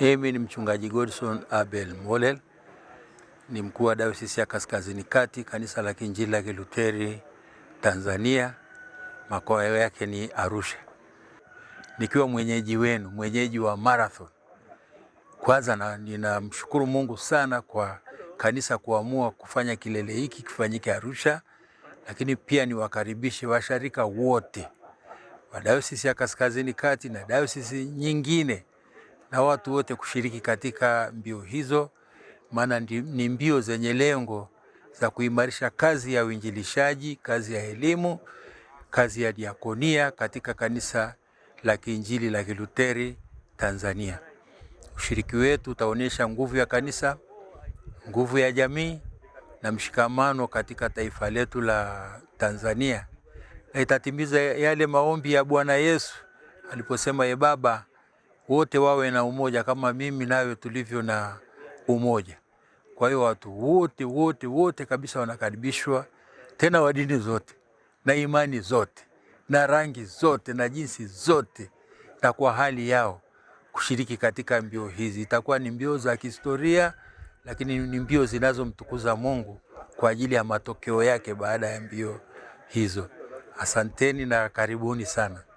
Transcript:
Mimi ni mchungaji Godson Abel Molel, ni mkuu wa dayosisi ya Kaskazini Kati, kanisa la Kiinjili la Kiluteri Tanzania, makao yake ni Arusha. Nikiwa mwenyeji wenu, mwenyeji wa marathon, kwanza ninamshukuru Mungu sana kwa kanisa kuamua kufanya kilele hiki kifanyike Arusha, lakini pia niwakaribishe washarika wote wa dayosisi ya Kaskazini Kati na dayosisi nyingine na watu wote kushiriki katika mbio hizo, maana ni mbio zenye lengo za kuimarisha kazi ya uinjilishaji, kazi ya elimu, kazi ya diakonia katika kanisa la Kiinjili la Kiluteri Tanzania. Ushiriki wetu utaonyesha nguvu ya kanisa, nguvu ya jamii na mshikamano katika taifa letu la Tanzania, na itatimiza yale maombi ya Bwana Yesu aliposema, ye ee Baba, wote wawe na umoja kama mimi nawe tulivyo na umoja. Kwa hiyo watu wote wote wote kabisa wanakaribishwa, tena wa dini zote na imani zote na rangi zote na jinsi zote, na kwa hali yao kushiriki katika mbio hizi. Itakuwa ni mbio za kihistoria, lakini ni mbio zinazomtukuza Mungu kwa ajili ya matokeo yake baada ya mbio hizo. Asanteni na karibuni sana.